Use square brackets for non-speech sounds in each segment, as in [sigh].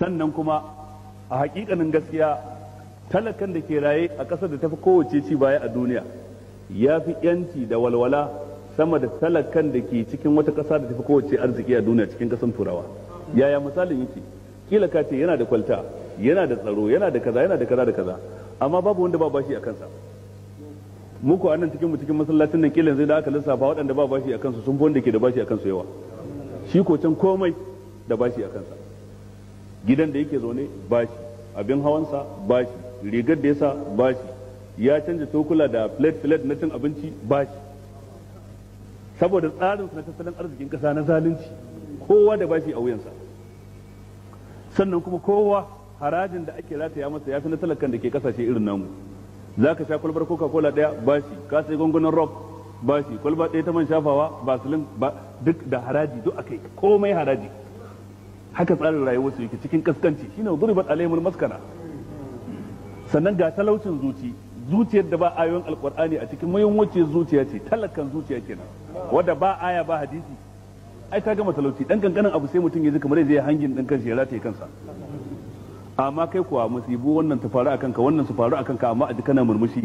sannan kuma a hakikanin gaskiya talakan da ke raye a ƙasar da tafi kowace ci baya a duniya ya fi yanci da walwala sama da talakan da ke cikin wata ƙasa da tafi kowace arziki a duniya cikin ƙasan turawa yaya misalin yake kila ka ce yana da kwalta yana da tsaro yana da kaza yana da kaza da kaza amma babu wanda ba bashi a kansa muku a nan cikin mu cikin masallacin nan kila yanzu da aka lissafa waɗanda ba bashi a kansu sun fi wanda ke da bashi a kansu yawa shi ko can komai da bashi a kansa gidan da yake zaune ba shi abin hawansa ba shi rigar da yasa ba shi ya canza cokula da plate plate na cin abinci ba shi saboda tsarin na tattalin arzikin kasa na zalunci kowa da bashi a wuyansa sannan kuma kowa harajin da ake rataya masa ya fi na talakan da ke kasashe irin namu za ka sha kwalbar coca cola daya bashi ka sai gungunan rock bashi kwalba ɗaya ta man shafawa basilin ba duk da haraji duk akai komai haraji haka tsarin rayuwarsu yake cikin kaskanci shine zuribat alaihimul maskana sannan ga talaucin zuci zuciyar da ba ayoyin alkur'ani a cikin muhimmanci zuciya ce talakan zuciya kenan wadda ba aya ba hadisi ai ta gama talauci dan kankanin abu sai mutum ya ji kamar zai hangin dan kansa ya rataye kansa amma kai kuwa musibu wannan ta faru akan ka wannan su faru akan ka amma a ji kana murmushi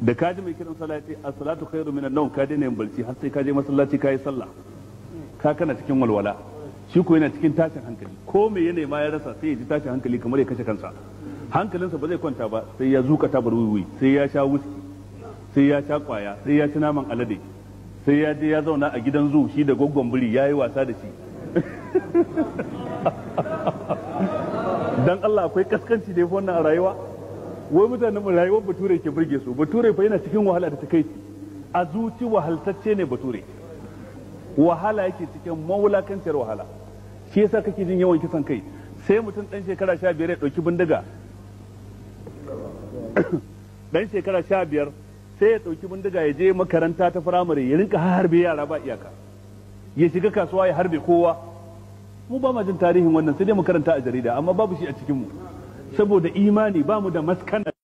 da ka ji mai kiran salati as-salatu khairu minan nawm ka daina yin barci har sai ka je masallaci ka yi sallah ka kana cikin walwala shi ko yana cikin tashin hankali ko me yana ma ya rasa sai ya ji tashin hankali kamar ya kashe kansa hankalinsa ba zai kwanta ba sai ya zuka tabar wuiwui sai ya sha wuski sai ya sha kwaya sai ya ci naman alade sai ya je ya zauna a gidan zu shi da gwaggon biri ya yi wasa da shi dan Allah akwai kaskanci da wannan a rayuwa wai mutanen mu rayuwar bature ke burge su bature fa yana cikin wahala da takaici a zuci wahaltacce ne bature wahala yake cikin mawulakanciyar wahala shi yasa kake jin yawan kisan kai sai mutum dan shekara sha biyar ya ɗauki bindiga dan [coughs] shekara sha biyar sai ya ɗauki bindiga ya je makaranta ta firamare ya rinka harbe yara ba iyaka ya shiga kasuwa ya harbe kowa mu ba ma jin tarihin wannan sai dai mu karanta a jarida amma babu shi a cikin mu saboda imani ba mu da maskana